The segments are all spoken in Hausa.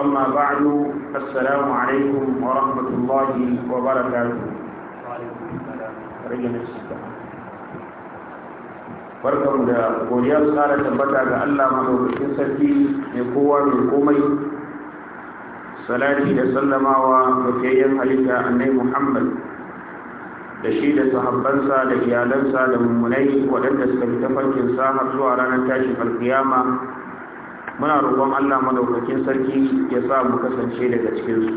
أما بعد السلام عليكم ورحمة الله وبركاته barkan da godiya su kara tabbata ga Allah madaukakin sarki mai kowa mai komai salati da sallamawa ga kayan halitta annai Muhammad da shi da sahabbansa da iyalansa da mummunai waɗanda suka fita tafarkin sa har zuwa ranar tashin alkiyama muna roƙon Allah madaukakin sarki ya sa mu kasance daga cikinsu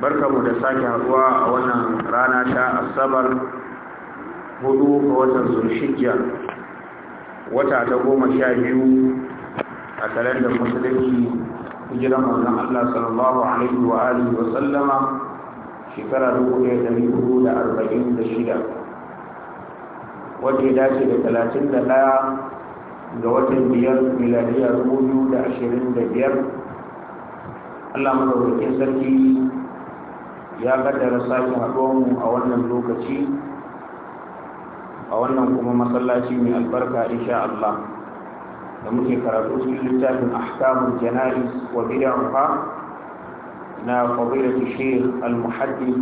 barkamu da sake haɗuwa a wannan rana ta asabar hudu ga watan zulhijja wata ta goma sha biyu a kalandar musulunci hijiran manzon Allah sallallahu alaihi wa alihi wa sallama shekara dubu ɗaya ɗari hudu da arba'in da shida wanda ya dace da talatin da ɗaya ga watan biyar miladiya dubu da ashirin da biyar allah madaukakin sarki ya kaddara sake mu a wannan lokaci a wannan kuma masallaci mai albarka insha allah da muke karatu cikin littafin ahkamul janais wa bid'aha na fadilatu shaykh al-muhaddith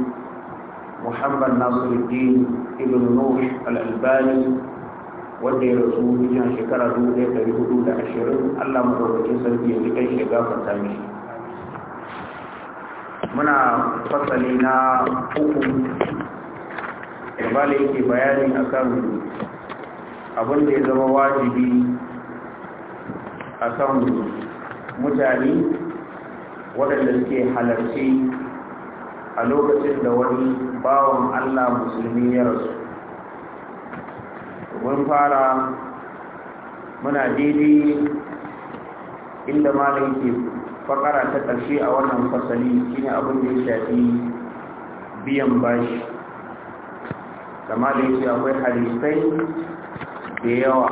muhammad nasiruddin ibn nuh al-albani wanda ya rasu wajen shekara dubu da ashirin allah madaukakin sarki yanzu kai shi fata mishi muna fasali na uku gabala yake bayani akan abin da ya zama wajibi a kan mutane waɗanda suke halarci a lokacin da wani bawan allah musulmi ya rasu mun fara muna daidai inda malam ke fakara ta ƙarshe a wannan fasali shine abin da ya shafi biyan bashi da da ke akwai hadisai da yawa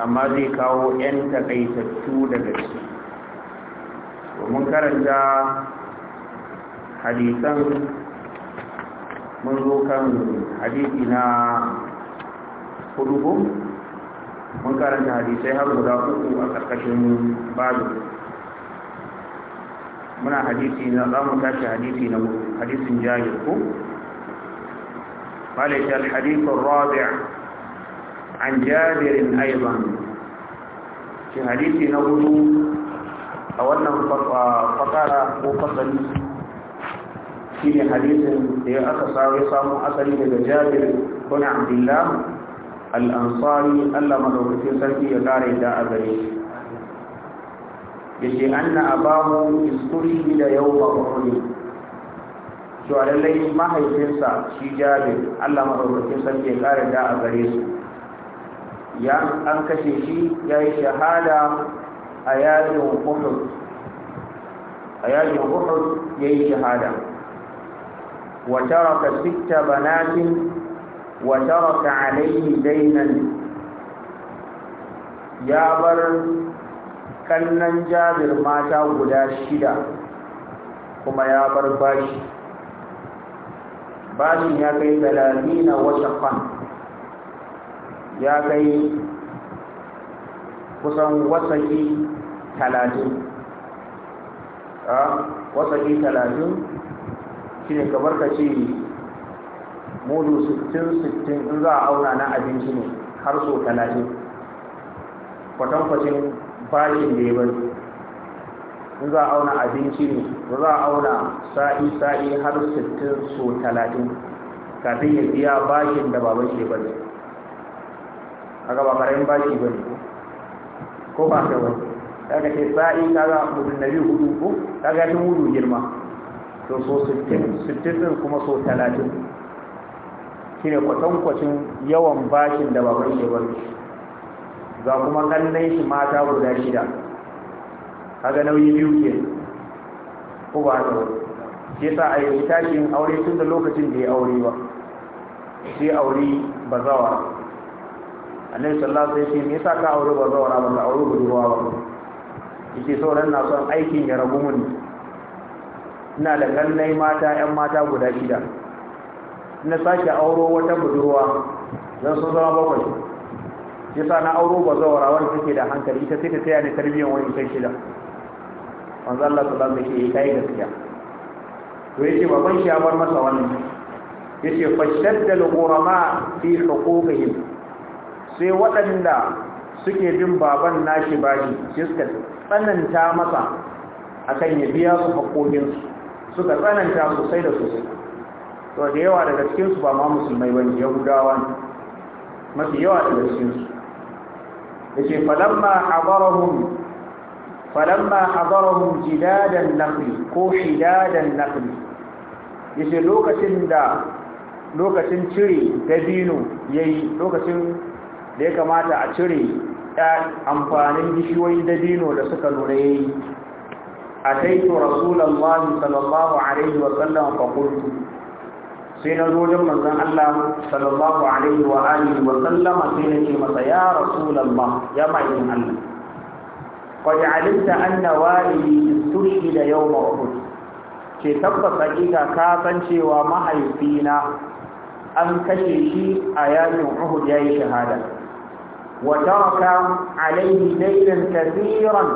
amma zai kawo 'yan takaitattu daga ciki domin karanta hadisan mun zo kan hadisi na hudu ko mun karanta hadisai har guda uku a ƙarƙashin babu muna hadisi na za mu tashi hadisi na hadisin jahil ko hadisi na الرابع a wannan أيضا ko حديث Shi ne hadisin da ya حديث لأخصى وصام أصلي لجابر بن عبد Abdullahi? al'ansari allah maɗaukacin sarki ya ƙara da a gare shi ya ce an na abahu iskuri da yau ma'urri cewa lallai mahaifinsa shi jabir allah maɗaukacin sarki ya ƙara da a gare su ya an kashe shi ya yi shahada a yajin uhud a yajin uhud ya yi shahada wa taraka sitta banatin وترك عليه دينا ya bar kannan jabir mata guda shida kuma ya bar bashi bashin ya kai talamina wata fan ya kai kusan wasaki talatin a wasaki talatin shi ne kamar ka ce mudu sittin sittin in za a auna na abinci ne har so talatin kwatankwacin bashin da ya bari in za a auna abinci ne za a auna sa'i sa'i har sittin so talatin kafin ya biya bashin da baban shi bari a gaba karayin bashi bari ko ba ka bari daga ce sa'i kaga mutum na biyu hudu ko kaga ya fi mudu girma to so sittin sittin kuma so talatin. ne kwatankwacin yawan bashin da baban shi ba ga kuma kallon shi mata guda shida kaga nauyi biyu ke ko ba ta wani sai sa a yi tashin aure tun da lokacin da ya aure ba sai aure bazawa annabi sallallahu alaihi wasallam yasa ka aure zawa ba ka aure budurwa ba yace sauran na son aikin ya ragu mun ina da kallon mata 'yan mata guda shida na sake auro wata budurwa don sun zama bakwai sa na auro ba zuwa rawar take da hankali ita sai ta taya ne tarbiyyar wani kai shida wanzu Allah su lamu ke kai gaskiya to ce baban shi ya bar masa wannan yace fashaddal ghurama fi huquqihim sai waɗanda suke bin baban nashi bashi shi suka tsananta masa akan ya biya su haƙoƙinsu suka tsananta sosai da sosai to da yawa daga cikinsu ba ma musulmai wani yahudawa ne mafi yawa daga cikinsu su ke falamma habarahun falamma habarahun jidadan naqli ko hidadan naqli ya lokacin da lokacin cire dabino yayi lokacin da ya kamata a cire amfanin gishiyoyin dabino da suka lura ya yi a taito rasulallah sallallahu alaihi wasallam fakultu sai na zo wajen manzon Allah sallallahu alaihi wa alihi wa sallama sai na ce masa ya rasulullah ya ma'aikin Allah qad alimta anna da yau yawma uhud ke tabbas hakika ka san cewa mahaifina an kashe shi a yakin uhud yayi shahada wa alaihi daynan kasiran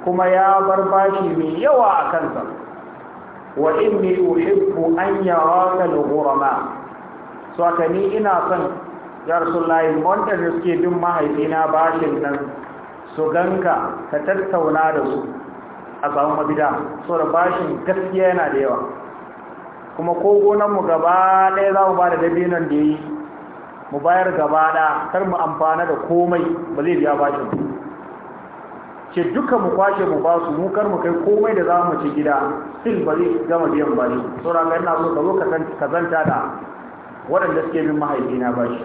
kuma ya bar bashi mai yawa a kansa wa inni uhibbu an yaraka al-ghurama so aka ni ina son ya rasulullahi da suke bin mahaifina bashin nan su ganka ka tattauna da su a samu mabida so da bashin gaskiya yana da yawa kuma ko gonan mu gaba ɗaya za mu ba da dabinon da yi mu bayar gaba ɗaya kar mu amfana da komai ba zai biya bashin ce duka mu kwashe mu basu mu kar mu kai komai da za mu ci gida sil ba zai gama biyan ba ne saura ga ina so ka zo ka zanta da waɗanda suke bin mahaifina ba shi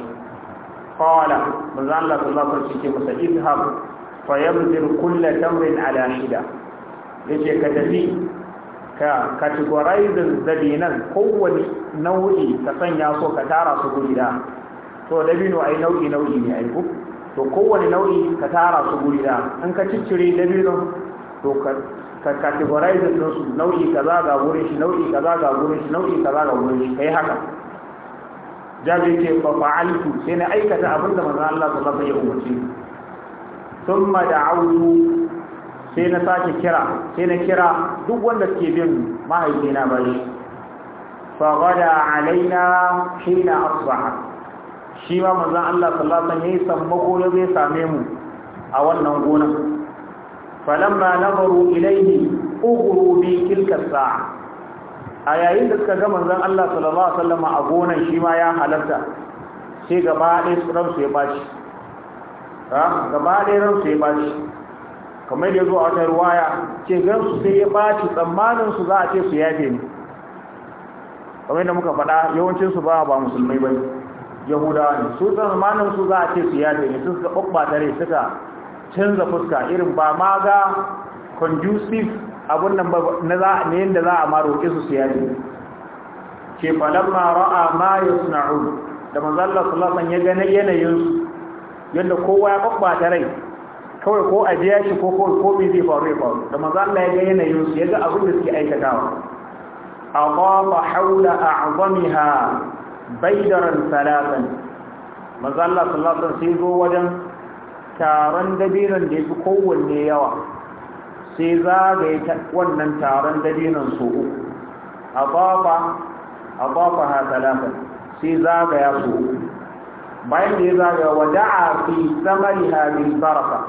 qala manzo Allah sallallahu alaihi wasallam masa izhab fa yamdir kullu tamrin ala shida yace ka tafi ka da dabinan kowane nau'i ka sanya so ka tara su gida da to dabino ai nau'i nau'i ne ai to kowane nau'i ka tara su guri da an ka ciccire dabino to ka categorize don su nau'i za ga gurin shi nau'i za ga gurin shi nau'i za ga gurin shi kai haka jabi ce fa fa'altu sai na aikata abin da manzon Allah ta alaihi umarci ya da thumma sai na sake kira sai na kira duk wanda ke bin mahaifina ba shi fa gada alaina na asbaha shi ma manzan Allah sallallahu alaihi wasallam yayi sammako ya zai same mu a wannan gonan falamma nazaru ilaihi ughru bi tilka sa'a a yayin da suka ga manzan Allah sallallahu alaihi wasallam a gonan shi ma ya halarta sai gaba ɗaya ran su ya bashi ha gaba ɗaya ran su ya bashi kamar da zo a wata ruwaya ce gan su sai ya bashi tsammanin su za a ce su yafe ni kamar da muka faɗa yawancin su ba ba musulmai bane yahudawa ne su zamanin su za a ce su yaje ne sun suka da rai suka canza fuska irin ba ma ga conducive abun nan na da za a maro roƙe su su yaje ke ma ra'a ma yasna'un da manzo Allah sallallahu alaihi ya gane yanayin su yadda kowa ya da rai kawai ko a biya shi ko ko ko me zai faru ya faru da manzo ya ga yanayin su ya ga abin da suke aikatawa aqama haula a'zamiha baidaran salatan manzo Allah sallallahu alaihi sai zo wajen taron dabinan da ya fi kowanne yawa sai za ga ya wannan taron dabinan su uku adafa adafa ha salatan sai za zagaya su uku bayan da ya zagaya wada'a fi samariha bil baraka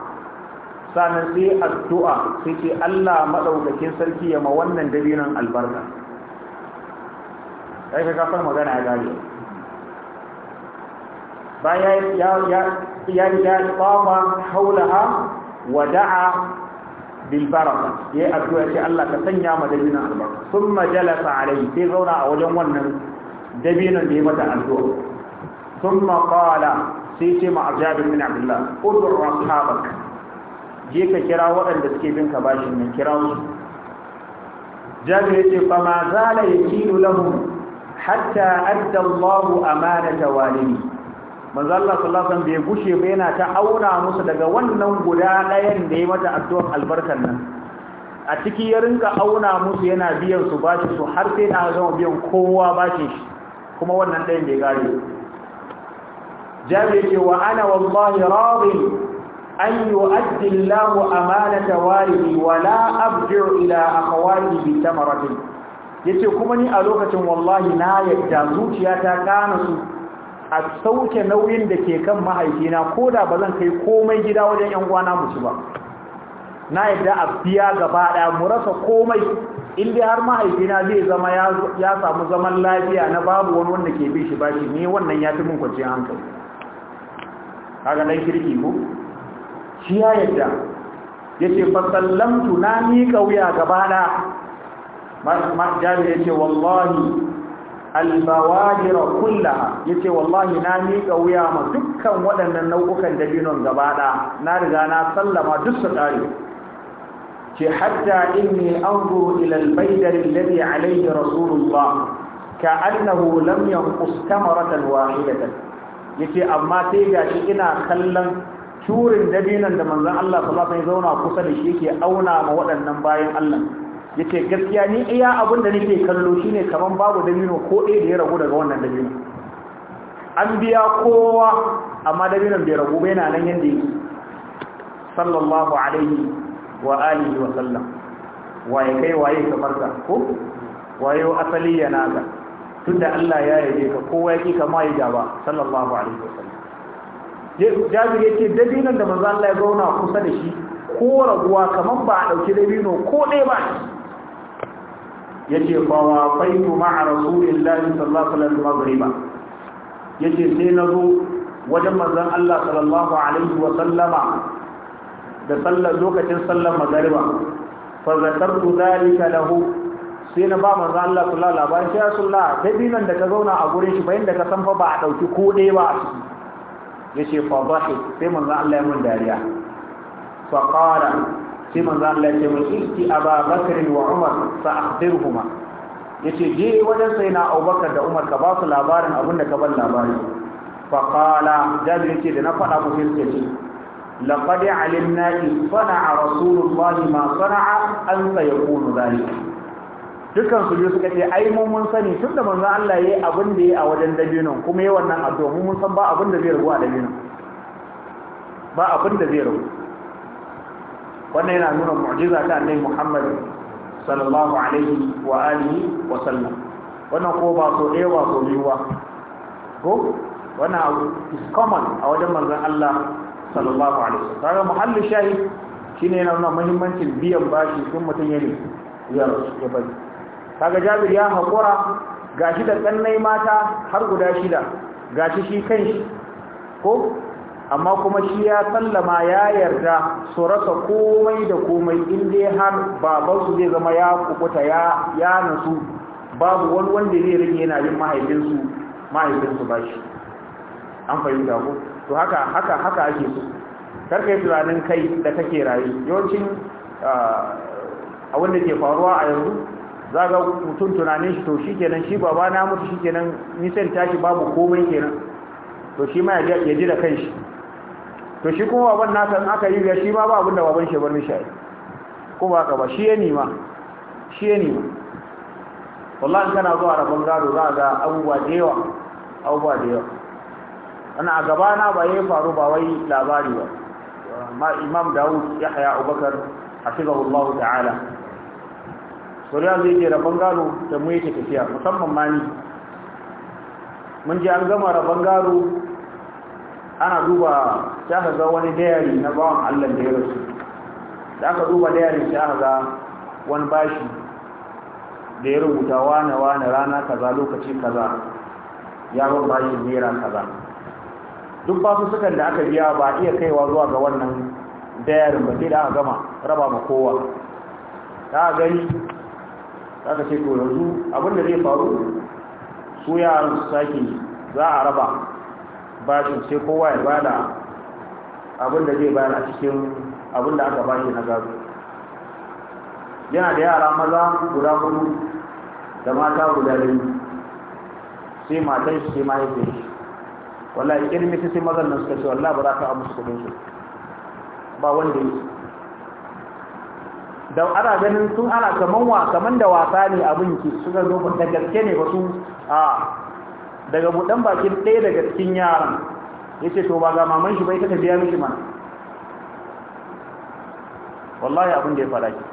sannan sai addu'a sai ce Allah maɗaukakin sarki ya ma wannan dabinan albarka sai ka kafar magana ya gari bayan ya ya iqama haulaha wa da'a bil baraka yayi addu'a ce Allah ka sanya ma dabinan albarka thumma jalasa alai sai zauna a wajen wannan dabinan da ya mata addu'a thumma qala sai ce ma Jabir bin Abdullah udur ashabak je ka kira waɗanda suke bin ka bashin nan kira su Jabir ya ce fa ma zala yakilu lahum hatta adda Allah amanata walidi manzo Allah sallallahu alaihi wasallam bai gushe ba yana ta aura musu daga wannan guda ɗayan da ya mata addu'ar albarkar nan a ciki ya auna musu yana biyan su bashi su har sai ta zama biyan kowa bashi shi kuma wannan ɗayan bai gare jami'a yake wa ana wallahi radin an yu'addi Allah amanata walidi wa la abdu ila akhawati bi tamratin yace kuma ni a lokacin wallahi na yadda zuciyata kana su a sauke nauyin da ke kan mahaifina ko da ba zan kai komai gida wajen yan uwana mu ci ba na yadda a biya gaba daya mu rasa komai inda har mahaifina zai zama ya samu zaman lafiya na babu wani wanda ke bin shi ba shi, ne wannan ya fi mun kwanciyar hankali kaga dan kirki ko shi ya yadda yace fa sallamtu na miƙa kauya gaba daya ma jami'a yace wallahi albawajira kullaha yace wallahi na miƙa wuya ma dukkan waɗannan nau'ukan dabinon gaba na riga na sallama duk su ƙare ce hatta inni anzuru ila albaydar alladhi alayhi rasulullah ka'annahu lam yanqus tamaratan wahidatan yace amma sai gashi ina kallon turin dabinon da manzon Allah sallallahu alaihi wasallam zauna kusa da shi yake auna ma waɗannan bayan Allah ya ce gaskiya ni iya abin da nake kallo shine kaman babu dabino ko ɗaya da ya ragu daga wannan dabino an biya kowa amma dabinon bai ragu bai na nan yadda yake sallallahu alaihi wa alihi wa sallam waye kai waye kamar ka ko wayo asali ya naga tunda Allah ya yabe ka kowa yake kama ya ba sallallahu alaihi wa sallam jabir yake dabinon da manzo Allah ya zauna kusa da shi ko raguwa kaman ba a dauki dabino ko ɗaya ba yace fa wa faitu ma'a rasulillahi sallallahu alaihi wasallam maghriba yace sai na zo wajen mazan Allah sallallahu alaihi wa sallama da sallar lokacin sallar magariba fa zakartu dhalika lahu sai na ba manzon Allah sallallahu alaihi wa sallam ya sallah nan da ka zauna a gurin shi bayan da ka san fa ba a ɗauki ko ɗaya ba yace fa bahi sai manzon Allah ya mun dariya fa qala sai manzo Allah ya ce mai isti Abubakar wa Umar fa akhbirhuma yace je wajen sai na Abubakar da Umar ka ba su labarin abin da ka ban labari fa qala jabir yace da na faɗa ku sai suka ce laqad alimna sana'a rasulullah ma sana'a an sayakunu zalika dukan su suka ce ai mun mun sani tunda da manzo Allah yayi abin da yayi a wajen dabinon kuma yayi wannan addu'a mun san ba abin da zai rubuwa dabinon ba abin da zai rubuwa wannan yana nuna mu'jiza ta annabi Muhammad sallallahu alaihi wa alihi wa sallam wannan ko ba so ɗaya ba so biyu ko wannan is common a wajen manzon Allah sallallahu alaihi wa sallam muhalli shahid shine yana nuna muhimmancin biyan bashi tun mutum ya ne ya ya bari kaga Jabir ya hakura gashi da kannai mata har guda shida gashi shi kanshi ko amma kuma shi ya sallama ya yarda su rasa komai da komai in dai har babansu zai zama ya kukuta ya ya nasu babu wani wanda zai rage yana yin mahaifinsu mahaifinsu ba shi an fahimta ku to haka haka haka ake so karka yi tunanin kai da kake rayu yawancin a ah, wanda ke faruwa a yanzu za ga mutum tunanin shi to shi kenan shi baba na mutu shi kenan nisan tashi babu komai kenan to shi ma ya ji da kanshi to shi kuma baban nasa in aka yi ya shi ma ba abin da baban shi bar mishi ai ko ba ka ba shi ya nima shi ya nima wallahi kana zuwa rabon gado za ga abubuwa da yawa abubuwa da yawa ana a gaba na ba yayi faru ba wai labari ba ma imam daud yahya abubakar hafizahu allah ta'ala ya zai je rabon gado da mu yake tafiya musamman ma ni mun je an gama rabon gado ana duba sai aka ga wani dayari na bawan Allah da ya rasu da aka duba dayarin sai aka ga wani bashi da ya rubuta wane wane rana kaza lokaci kaza ya ban bashi naira kaza duk basussukan da aka biya ba iya kaiwa zuwa ga wannan dayarin ba sai da aka gama raba ba kowa ta gani ta ka ce to yanzu abinda zai faru su yaran su sake za a raba bashin sai kowa ya bada abin da zai bayar a cikin abin da aka bashi na gado yana da yara maza guda hudu da mata guda biyu sai matan shi sai mahaifin shi wallahi irin mita sai mazan nan suka ce wallahi ba za ka amsa kudin su ba wanda yi da ana ganin sun ana kaman wa kaman da wasa ne abin ki suka zo da gaske ne ba su a daga buɗan bakin ɗaya daga cikin yaran ya ce to ba ga maman shi bai ta biya miki mana wallahi abin da ya fara ki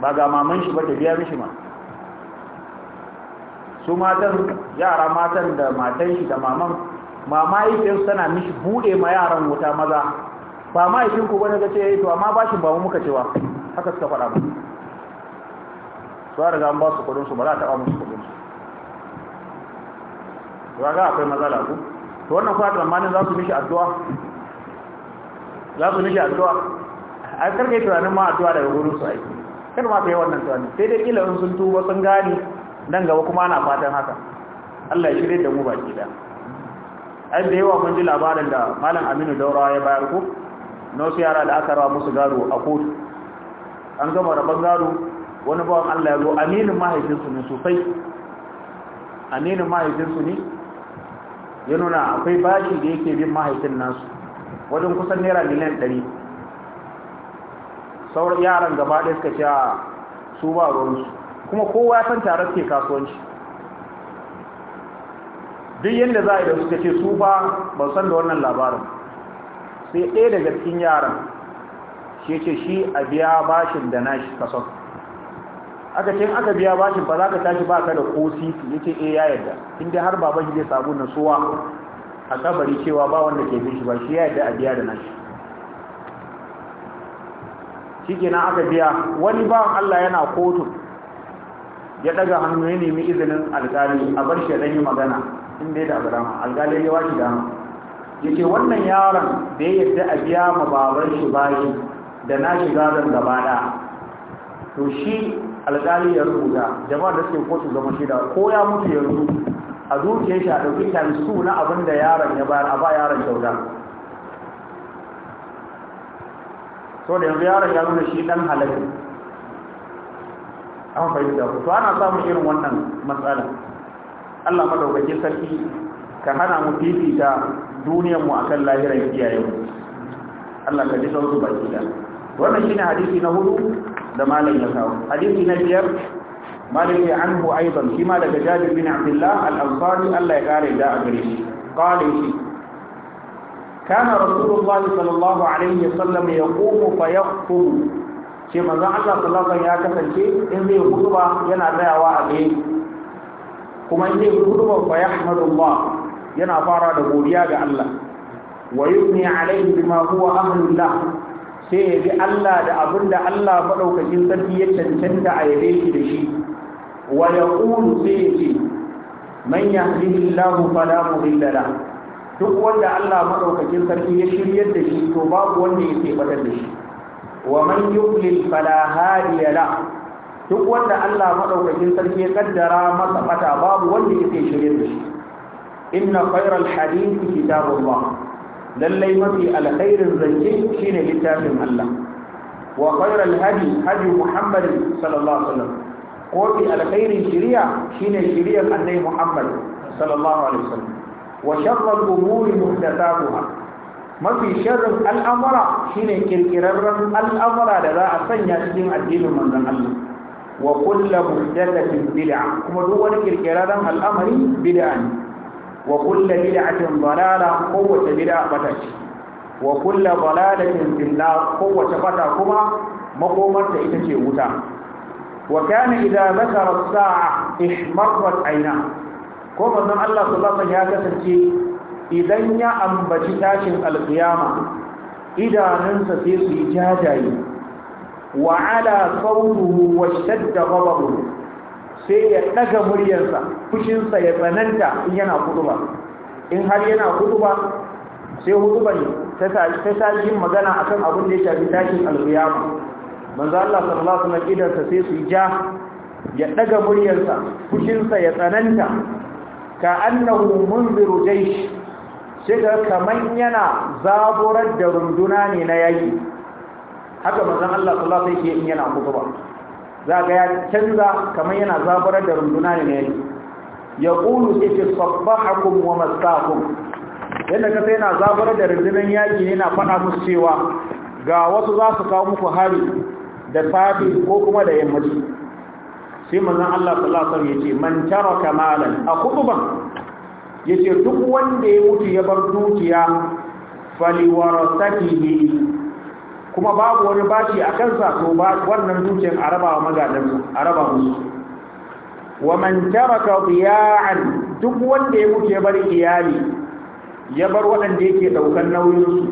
ba ga maman shi ba ta biya mishi mana su matan yara matan da matan shi da maman mama yake tana mishi bude ma yaran wuta maza ba ma yakin ku bane gace yayi eh, to amma bashin ba mu muka cewa haka suka faɗa ba su riga an ba su kudin su ba za ta ba musu kudin ba ga akwai matsala ku to wannan kuwa manin za su mishi addu'a za su mishi addu'a a karkai tunanin ma addu'a daga gurin su aiki Kan ma kai wannan tunanin sai dai kila sun tuba sun gane nan gaba kuma ana fatan haka Allah ya shirye da mu baki da an da yawa mun ji labarin da malam Aminu Daurawa ya bayar ku na wasu yara da aka rawa musu garo a kotu an gama rabon garo wani bawan Allah ya zo aminin mahaifinsu ne sosai aminin mahaifinsu ne ya nuna akwai bashi da yake bin mahaifin nasu wajen kusan naira miliyan ɗari sauran yaran gaba ɗaya suka cewa su ba ruwansu kuma kowa san tare suke kasuwanci duk yadda za a yi da suka ce su ba ba san da wannan labarin sai ɗaya daga cikin yaran shi ce shi a biya bashin da nashi kaso aka ce aka biya bashin ba za ka tashi ba ka da kosi sisi yake eh ya yadda inda har baban shi zai na suwa a kabari cewa ba wanda ke bin shi ba shi ya yadda a biya da nashi shikenan aka biya wani bawan Allah yana kotu ya daga hannu ya nemi izinin alkali a bar shi dan yi magana in dai da abrama alkali ya washi da ce wannan yaron da ya yadda a biya ma baban shi bashi da nashi gadon gaba ɗaya. to shi alƙali ya rubuta jama'a da suke kotu zama da ko ya mutu ya rubuta? a zuciyar shi a ɗauki times su na abin da yaron ya bayar a ba yaron kyauta so da yanzu yaron ya nuna shi ɗan halali an fahimta to ana samun irin wannan matsala. Allah madaukakin sarki ka hana mu fifita duniyarmu akan lahirar mu. Allah ka ji sauki baki da wannan shine hadisi na hudu da malam ya kawo hadisi na biyar malam ya anhu aidan shi ma daga jabir bin abdullah al-ansari Allah ya kare da a gare shi qala shi kana rasulullahi sallallahu alaihi wasallam yaqumu fa yaqtubu shi manzon Allah sallallahu ya kasance in zai ba, yana tsayawa a gare kuma in zai hutuba fa ba, yana fara da godiya ga Allah wa yubni alaihi bima huwa ahlullah sai ya bi Allah da abin da Allah maɗaukakin sarki ya cancanta a yabe shi da shi wa ya ƙulu sai ya ce man ya hadihi lahu fala mu la duk wanda Allah maɗaukakin sarki ya shiryar da shi to babu wanda ya keɓatar da shi wa man yudlil fala hadiya la duk wanda Allah maɗaukakin sarki ya kaddara masa bata babu wanda ya shiryar da shi inna khayral hadith kitabullah lallai mafi alkhairin zance shine littafin Allah wa khairal hadi hadi Muhammad sallallahu alaihi wasallam ko fi alkhairin shiriya shine shiriyar annabi Muhammad sallallahu alaihi wasallam wa sharral umuri muhdathatuha mafi sharrin al'amara shine kirkirarren al'amura da za a sanya cikin addinin manzon Allah wa kullu muhdathatin bid'a kuma duk wani kirkirarren al'amari bid'a ne wa kulla bid'atin dalala kowace bid'a bata ce wa kulla dalalatin fil kowace bata kuma makomarta ita ce wuta wa kana idza zakara as-sa'a ihmarat ayna ko manzon Allah sallallahu alaihi wasallam ya kasance idan ya ambaci tashin alqiyama idanunsa sai su yi jajaye wa ala sawtuhu wa shadda ghadabuhu sai ya daga muryarsa fushinsa ya tsananta in yana ba in har yana ba sai huduba ne ta tashi magana akan abin da ya shafi tashin alfiyama manzo Allah sallallahu alaihi wasallam sai su ja ya daga muryarsa fushinsa ya tsananta ka annahu munziru jaysh sai ga kaman yana zaburar da runduna ne na yayi haka manzo Allah sallallahu alaihi wasallam yake in yana ba. za ga ya canza kamar yana zabarar da runduna ne ne ya ƙulu sai ce sabbahakum wa mastakum yadda kasa yana zabarar da rundunan yaƙi na faɗa musu cewa ga wasu za su kawo muku hari da safi ko kuma da yammaci sai mazan Allah sallallahu alaihi wasallam yace man taraka malan Ya yace duk wanda ya wuce ya bar dukiya fali warasatihi kuma babu wani bashi a kansa to ba wannan dukiyar a wa magadan araba musu wa man taraka diyan duk wanda ya muke bar iyali ya bar waɗanda yake daukan nauyin su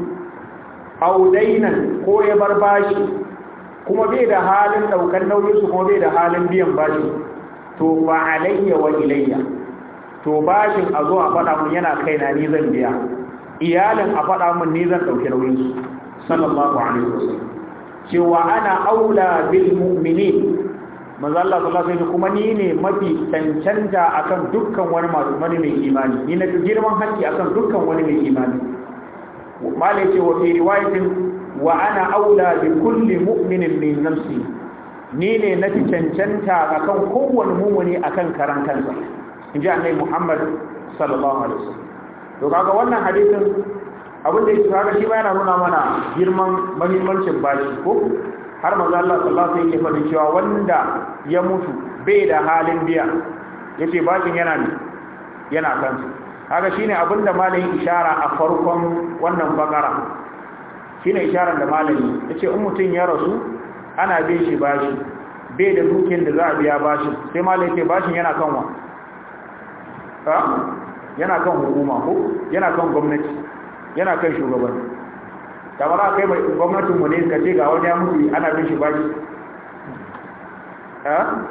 aw dainan ko ya bar bashi kuma bai da halin daukan nauyin su kuma bai da halin biyan bashi to fa alayya wa ilayya to bashin a zo a faɗa mun yana kaina ni zan biya iyalin a faɗa mun ni zan ɗauki nauyin su sallallahu alaihi wasallam cewa ana aula bil mu'minin manzo Allah sallallahu alaihi kuma ni ne mafi cancanta akan dukkan wani masu mani mai imani ni na girman haƙƙi akan dukkan wani mai imani malai ce wa fi riwayatin wa ana aula bi kulli mu'minin min nafsi ni ne na fi cancanta akan kowanne mumuni akan karan kansa inji annabi Muhammad sallallahu alaihi wasallam to kaga wannan hadisin abin da ya tura da shi ba yana nuna mana girman mahimmancin bashi ko har manzo Allah sallallahu alaihi wasallam yake cewa wanda ya mutu bai da halin biya yace bashin yana ne yana kan kansu kaga shine abin da malamin ishara a farkon wannan bakara shine isharar da malami yace in mutun ya rasu ana bin shi bashi bai da dukin da za a biya bashi sai malami yace bashin yana kan wa yana kan hukuma ko yana kan gwamnati yana kan shugaban za a kai gwamnatin mu ne ka ce ga wani ya mutu ana bin shi bashi ha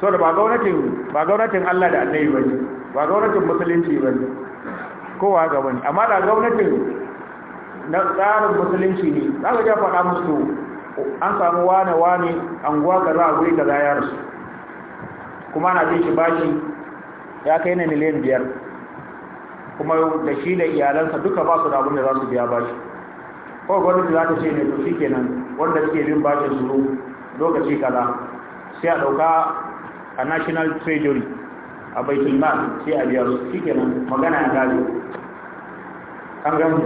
so da ba gwamnatin ba gwamnatin Allah da Annabi bane ba gwamnatin musulunci ba ne kowa ga ne amma da gwamnatin na tsarin musulunci ne za ka ja faɗa musu an samu wane-wane ka za a guri kaza ya rasu kuma na bin shi bashi ya kai na miliyan biyar kuma da shi da iyalansa duka ba su da abin da za su biya bashi ko gwamnati za ta ce ne to kenan wanda suke bin bashin su lokaci kaza sai a dauka a national treasury a baitul mal sai a biya su nan magana ya gari an gani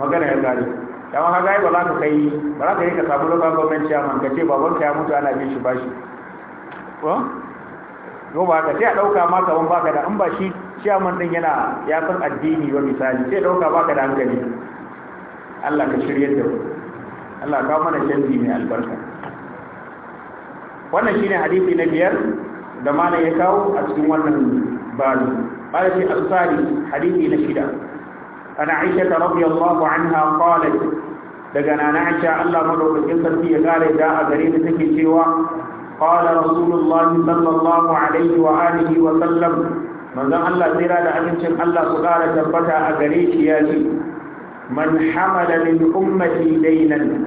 magana ya gari dama ka gari ba za ka kai ba za ka yi ka samu lokacin gwamnan chairman ka ce babanka ya mutu ana bin shi bashi ko ba ka sai a dauka ma kaman baka da an ba shi ciyaman din yana ya san addini ba misali sai dauka baka da hankali Allah ka shiryar da Allah ka mana canji mai albarka wannan shine hadisi na biyar da mana ya kawo a cikin wannan babu bala shi al-sari hadisi na shida ana Aisha radiyallahu anha qalat daga nana Aisha Allah madaukakin sarki ya kare da a gare ta take cewa قال رسول الله صلى الله عليه وآله وسلم manzon Allah tsira da amincin Allah su ƙara tabbata a gare shi ya ce man hamala min ummati dainan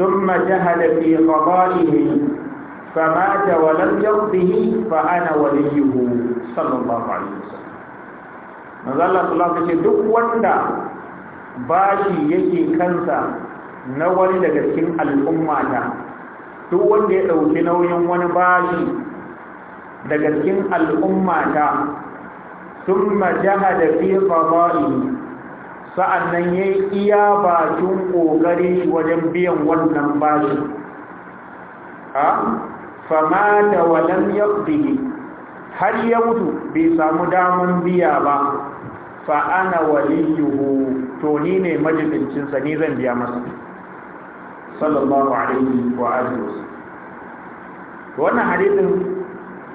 ثم جهل في قضائه فمات ولم يقضه فأنا وليه صلى الله عليه وسلم manzo Allah sallallahu alaihi duk wanda bashi yake kansa na wani daga cikin al'umma ta duk wanda ya dauki nauyin wani bashi daga cikin al'ummata sun majaha da fi fadari sa'annan ya yi iya bakin ƙoƙari wajen biyan wannan bashi a fama da walam ya har ya mutu bai samu daman biya ba fa'ana waliyuhu to ni ne majalicinsa ni zan biya masa sallallahu alaihi wa alihi wannan hadisin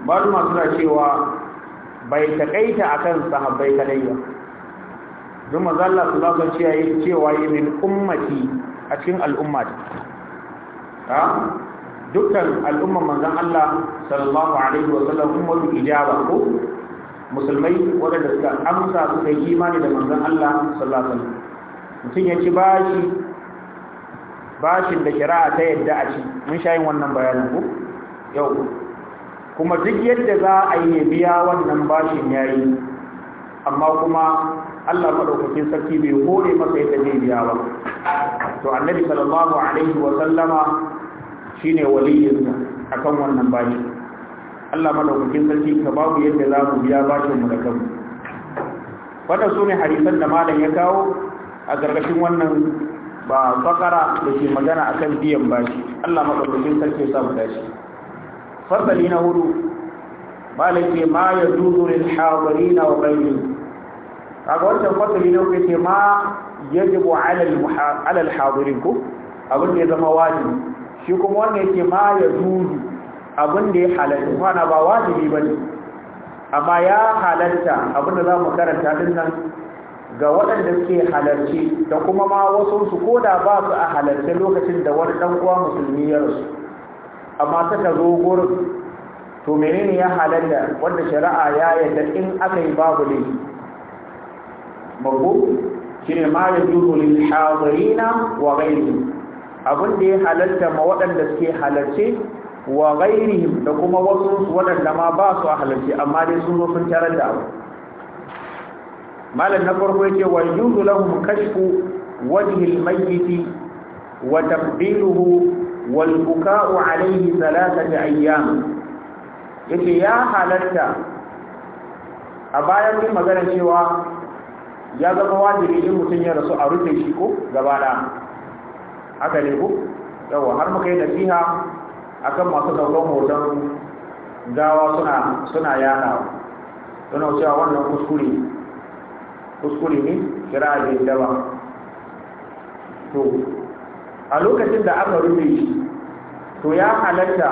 maluma suna cewa bai takaita akan sahabbai kadai ba don mazalla su za su ciyayi cewa yi min ummati a cikin al'umma ta dukkan al'umman manzan Allah sallallahu alaihi wa sallam ummatu ijaba ko musulmai wanda suka amsa su kai imani da manzan Allah sallallahu alaihi wa sallam mutum ya ci bashi bashin da kira ta yadda a ci mun sha yin wannan bayanin ko yau kuma duk yadda za a yi biya wannan bashin ya yi, amma kuma Allah maɗaukakin sarki bai hore masa yadda zai biya ba to annabi sallallahu alaihi wa sallama shine waliyinsa akan wannan bashi Allah maɗaukakin sarki ka babu yadda za mu biya bashin mu da kanmu wannan sune hadisan da malam ya kawo a gargashin wannan ba fakara da ke magana akan biyan bashi Allah maɗaukakin sarki ya samu dashi fasali na hudu malake ma ya zuzu lil hadirina wa ghayrihim kaga wancan fasali na hudu ce ma yajibu ala al ala hadirin ku abin da ya zama wajibi shi kuma wanda yake ma ya zuzu abin da ya halatta kwana ba wajibi bane amma ya halatta abin da zamu karanta din nan ga waɗanda suke halarci da kuma ma wasu su koda ba su a halarci lokacin da wani ɗan uwa musulmi ya rasu amma ta zo gurin to menene ya halatta wanda shari'a ya yadda in aka yi babu ne shi ne ma ne lil na wa gairi abin ya halatta ma waɗanda suke halarci wa gairi da kuma wasu waɗanda ma ba su halarci amma dai sun rufin tarar da abu malam na farko yake wa yajuzu lahum kashku wajhi mai yi wa tabbiluhu wal buka'u alaihi thalathata ayyam yake ya halatta a bayan yin magana cewa ya zama wajibi in mutum ya rasu a rufe shi ko gaba da haka ne ko yawa har muka yi nasiha akan masu daukan hoton gawa suna yana, suna cewa wannan kuskure kuskure ne kira da yawa to a lokacin da aka rufe shi to ya halatta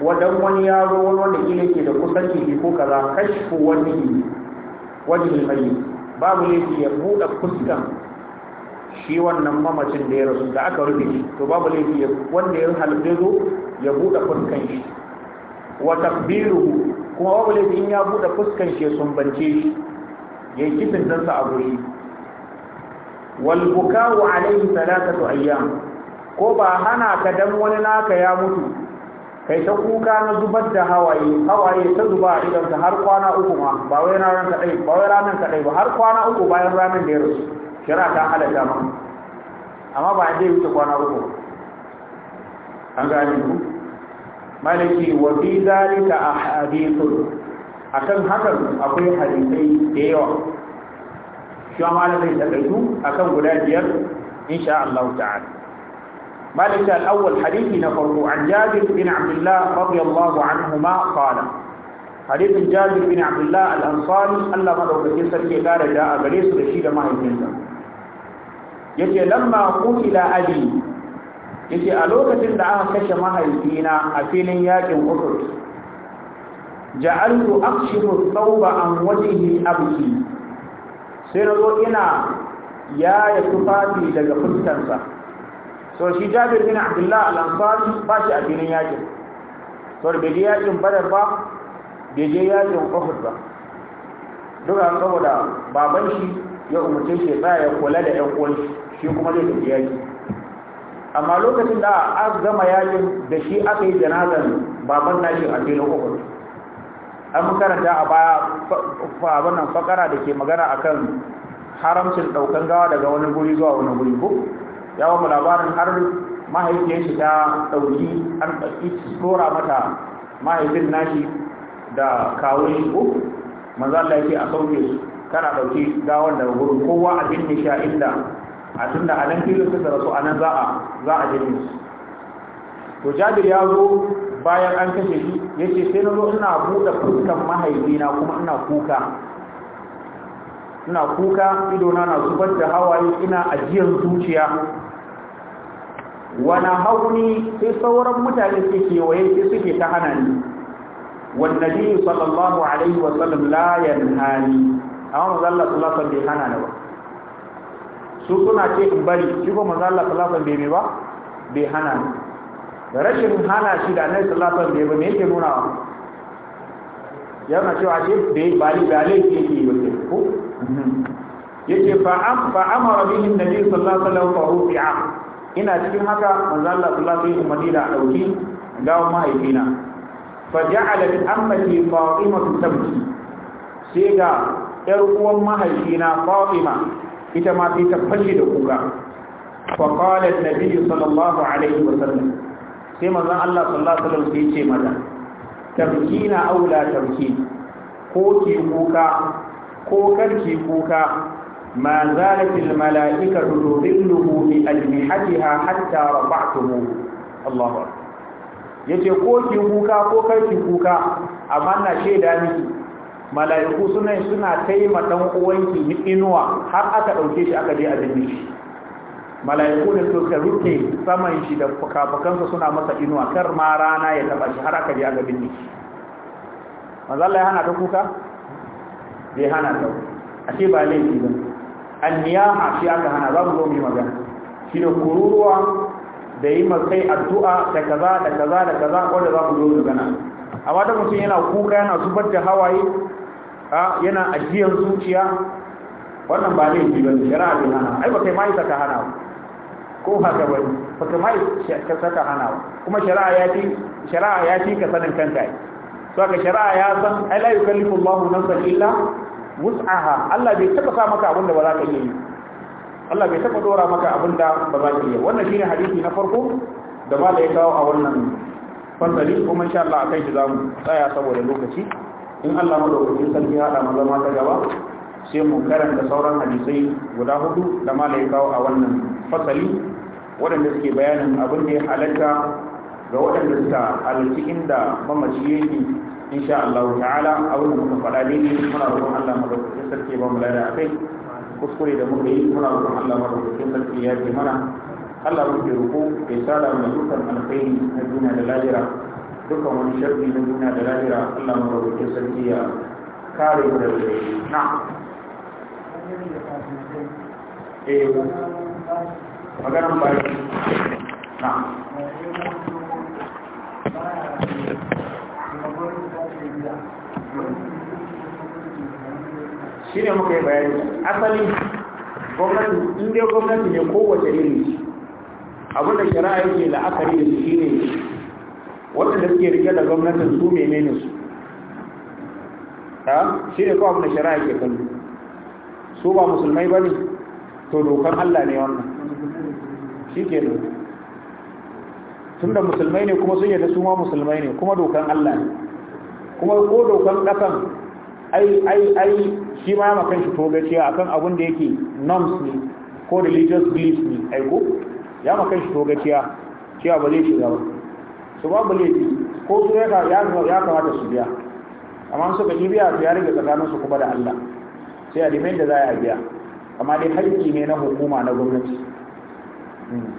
wadan wani yaro wani wanda ke ke da kusanci ko kaza kashfu wani wani mai babu laifi ya buɗe fuskan shi wannan mamacin da ya rasu da aka rufe shi to babu laifi wanda ya halbe zo ya buɗe fuskan shi wa takbiruhu kuma babu laifi ya buɗe fuskan shi ya sumbance shi ya yi kitin dansa a guri wal buka'u alaihi salatu ayyam ko ba hana ka dan wani naka ya mutu kai ta kuka na zubar da hawaye hawaye ta zuba a idonta har kwana uku ma ba wai ranar dai ba wai ranar dai ba har kwana uku bayan ranar da ya rasu kira ta halatta ma amma ba dai wuce kwana uku an gane ku malaki wa fi zalika ahadithun akan hakan akwai hadisi da yawa shi ma malai zai takaitu akan guda biyar insha Allah ta'ala مالك الأول حديث نفره عن جابر بن عبد الله رضي الله عنهما قال حديث جابر بن عبد الله الأنصاري ألا مدعو بكسر كتار جاء بريس رشيد ما يمكنه يجي لما قتل أبي يجي ألوكة دعاها كشما هيدينا أفين ياكم أخر جعلت أكشف الثوب عن وجهه أبكي سنظر إنا يا يكفاتي لغفتنسا to shi jabir bin abdullah al-ansari ba shi a filin yakin to bai je yakin badar ba bai je yakin kofar ba duka saboda baban shi ya umarci shi ya ya kula da yan uwan shi kuma zai tafi yaki amma lokacin da an gama yakin da shi aka yi janazan baban nashi a filin kofar an karanta a baya abin nan fakara da ke magana akan haramcin daukan gawa daga wani guri zuwa wani guri ko ya wa labarin har mahaifiyar shi ta ɗauki an ɗauki tsora mata mahaifin nashi da kawo shi ko manzala yake a sauke su kana ɗauki gawar daga gurin kowa a binne shi inda a tunda a nan filin su zara a nan za a za a jini su to jabir ya zo bayan an kashe shi ya ce sai na zo ina buɗe fuskan mahaifina kuma ina kuka ina kuka idona na zubar da hawaye ina ajiyar zuciya wani hauni sai sauran mutane suke waye sai suke ta hana ni wannabi sallallahu alaihi wa sallam la ya amma manzo zalla sallallahu alaihi wa sallam bai hana ni ba su suna ce in bari shi ko manzo Allah sallallahu alaihi wa sallam bai ba bai hana ni da rashin hana shi da annabi sallallahu alaihi wa sallam bai ba me yake nuna wa yana cewa shi bai bali bali yake yi ko yake fa am fa amara bihi an-nabi sallallahu alaihi wa sallam fa rufi'a ina cikin haka manzo Allah sallallahu alaihi wasallam da dauki gawo mahaifina fa ja'ala ammati fatima tabki sai ga yar uwan mahaifina fatima ita ma ta tabbaci da kuka fa qala an-nabi sallallahu alaihi sallam sai manzo Allah sallallahu alaihi sallam sai ce mata tabkina aw la tabki ko ki kuka ko karki kuka ما زالت الملائكة تظله بأجنحتها حتى رفعته الله أكبر yace ko ki kuka ko kai ki kuka amma na da miki mala'iku suna suna taima dan uwanki ni inuwa har aka dauke shi aka je a dinne shi mala'iku da suka rufe saman shi da fukafukansa suna masa inuwa kar ma rana ya taba shi har aka je a dinne shi manzo Allah ya hana ta kuka bai hana ta ashe ba laifi ba anniyaha shi aka hana za mu zo mu yi magana shine kururuwa da yi matsayi addu'a da kaza da kaza da kaza wanda za mu zo mu gana amma da mutum yana kuka yana zubar da hawaye yana ajiyar zuciya wannan ba laifi ba ne shari'a abin hana ai ba kai ma saka ka hana ko haka ba ba kai ma isa ka saka hana kuma shari'a ya ci shari'a ya ci ka sanin kanka so ka shari'a ya san ai la yukallifu Allahu nafsan illa wus'aha Allah bai taba sa maka abinda ba za ka yi Allah bai taba dora maka abinda ba za ka yi wannan shine hadisi na farko da ba da ya kawo a wannan fasali kuma insha Allah akai shi zamu tsaya saboda lokaci in Allah madaukakin sarki ya hada zama ta gaba sai mu karanta sauran hadisai guda hudu da ma ya kawo a wannan fasali waɗanda suke bayanin abin da ya halatta ga waɗanda suka halarci inda mamaci yake insha Allah ta'ala abin wurin muka faɗa daidai muna roƙon Allah madaukakin sarki ba mu lada akai kuskure da muka yi muna roƙon Allah madaukakin sarki ya ce mana Allah muke roƙo ya sada mu dukkan alkhairi na duniya da lahira dukkan wani sharri na duniya da lahira Allah madaukakin sarki ya kare mu daga na eh maganan bayan na shi ne muka yi bayani asali gwamnati inda gwamnati ne kowace iri abin da shari'a yake la'akari da shi ne waɗanda suke rike da gwamnatin su menene su ta shi ne kawai abin da shari'a yake kallo su ba musulmai ba ne to dokar allah ne wannan shi ke nan tun da musulmai ne kuma sun yadda su ma musulmai ne kuma dokan allah ne kuma ko dokan ƙasan ai ai ai shi ma ma kanshi cewa akan abin da yake norms ne ko religious beliefs ne aiko ya ma kanshi togaciya cewa ba zai shiga ba su babu laifi ko su ya kamata su biya amma su yi biya su ya rage su kuma da Allah sai a dimen da za a biya amma dai haƙƙi ne na hukuma na gwamnati you. Hmm.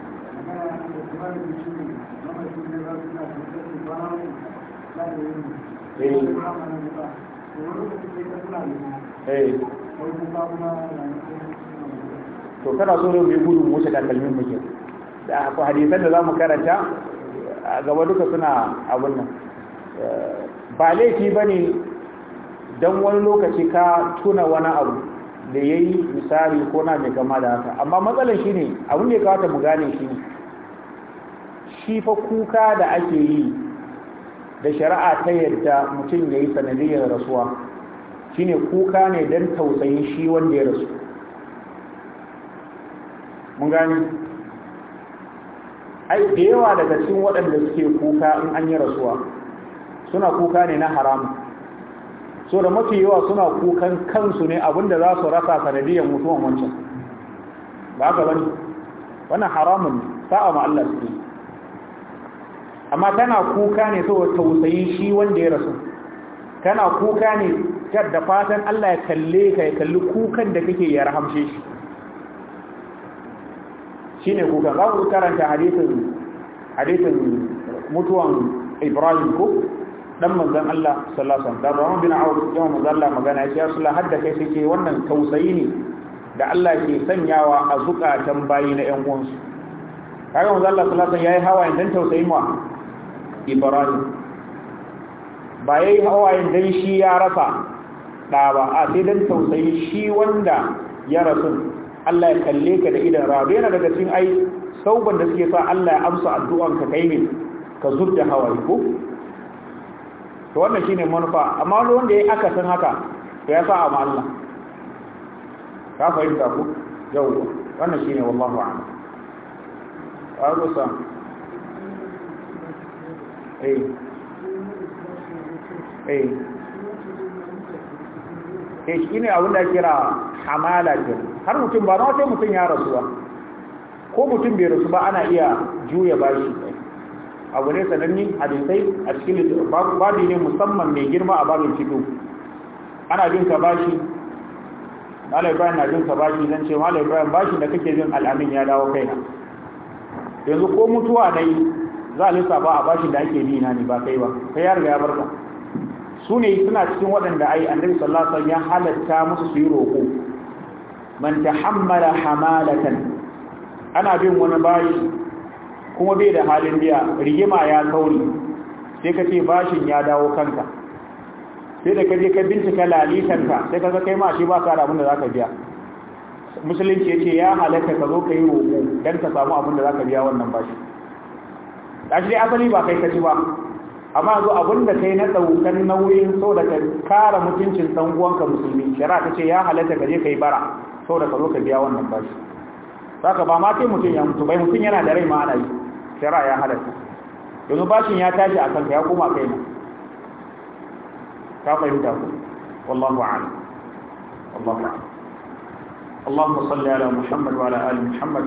Eh. Eh. to kana so ne mu yi gudun wuce takalmin muke da akwai hadisan da za mu karanta a gaba duka suna abin nan eh, ba laifi ba ne don wani lokaci ka tuna wani abu da ya yi misali ko na mai kama da haka amma matsalar shi ne abin da ya kawata mu gane shi ne shi fa kuka da ake yi da shari'a ta yadda mutum ya yi sanadiyar rasuwa shine kuka ne don tausayin shi wanda ya rasu mun gani ai da yawa daga cikin waɗanda suke kuka in an yi rasuwa suna kuka ne na haramu so da mafi yawa suna kukan kansu ne abinda za su rasa sanadiyar mutuwan wancan ba ka bane wannan haramun sa'a ma Allah suke amma tana kuka ne saboda tausayi shi wanda ya rasu tana kuka ne da fatan Allah ya kalle ka ya kalli kukan da kake ya rahamshe shi shine kukan za ku karanta hadisin hadisin mutuwan Ibrahim ko dan manzon Allah sallallahu alaihi wasallam da Rahman bin Auf ya Allah magana ya ce hadda kai sai wannan tausayi ne da Allah ke sanyawa a zukatan bayi na ƴan uwansu kaga manzo Allah sallallahu alaihi wasallam yayi hawayen dan tausayi mu ibrahim ba ya yi hawayen don shi ya rasa da ba a sai don tausayi shi wanda ya rasu Allah ya kalle ka da idan rabu yana daga cikin ai sauban da suke sa Allah ya amsa addu'an ka kai ne ka zurda hawaye ko to wannan shine manufa amma wanda ya aka san haka to ya sa amma Allah ka fahimta ku yau wannan shine wallahu a'lam billahi eh, eh. eh shi ne abin da kira hamala ke har mutum ba na wata mutum ya rasuwa ko mutum bai rasu ba ana iya juya bashi abu ne sanannin hadisai a cikin babu ne musamman mai girma a babin fito ana bin ka bashi Malam Ibrahim na jin ka bashi zan ce Malam Ibrahim bashi da kake jin al'amin ya dawo na. yanzu ko mutuwa na yi za a lissafa a bashin da ake nina ne ba kai ba kai ya riga ya barka su ne suna cikin waɗanda ai annabi sallallahu alaihi wasallam ya halatta musu su yi roƙo man tahammala hamalatan ana bin wani bayi. kuma bai da halin biya rigima ya kauri sai ka ce bashin ya dawo kanka sai da ka je ka bincika ka, sai ka ga kai ma shi ba ka da abin da zaka biya musulunci ya ce ya halaka ka zo ka yi roƙo don ka samu abin da zaka biya wannan bashin. kashi dai asali ba kai kaci ba amma yanzu abinda kai na ɗaukar nauyin so da ka kara mutuncin ɗan musulmi shari'a ta ce ya halatta ka je ka yi bara so da ka zo ka biya wannan bashi saka ba ma kai mutum ya mutu bai mutum yana da rai ma ana yi shari'a ya halatta yanzu bashin ya tashi a kanka ya koma kai na ka fahimta ku wallahu a'lam wallahu a'lam اللهم صل على محمد وعلى ال محمد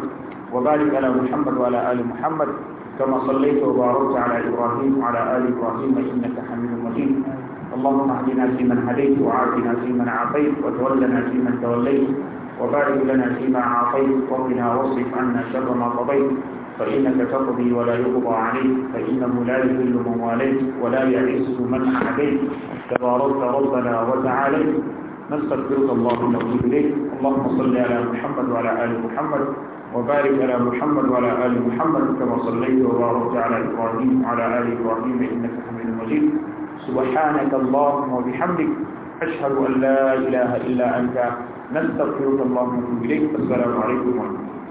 وبارك على محمد وعلى ال محمد كما صليت وباركت على إبراهيم وعلى آل إبراهيم إنك حميد مجيد اللهم اهدنا فيمن هديت وعافنا فيمن عافيت وتولنا فيمن توليت وبارك لنا فيما عافيت وقنا واصرف عنا شر ما قضيت فإنك تقضي ولا يقضى عليك فإنه لا يذل من واليت ولا يعز من عاديت تباركت ربنا وتعاليت نستغفرك اللهم ونتوب إليك اللهم صل على محمد وعلى آل محمد وبارك على محمد وعلى آل محمد كما صليت وباركت على إبراهيم وعلى آل إبراهيم إنك حميد مجيد سبحانك اللهم وبحمدك أشهد أن لا إله إلا أنت نستغفرك اللهم ونتوب إليك السلام عليكم ورحمة الله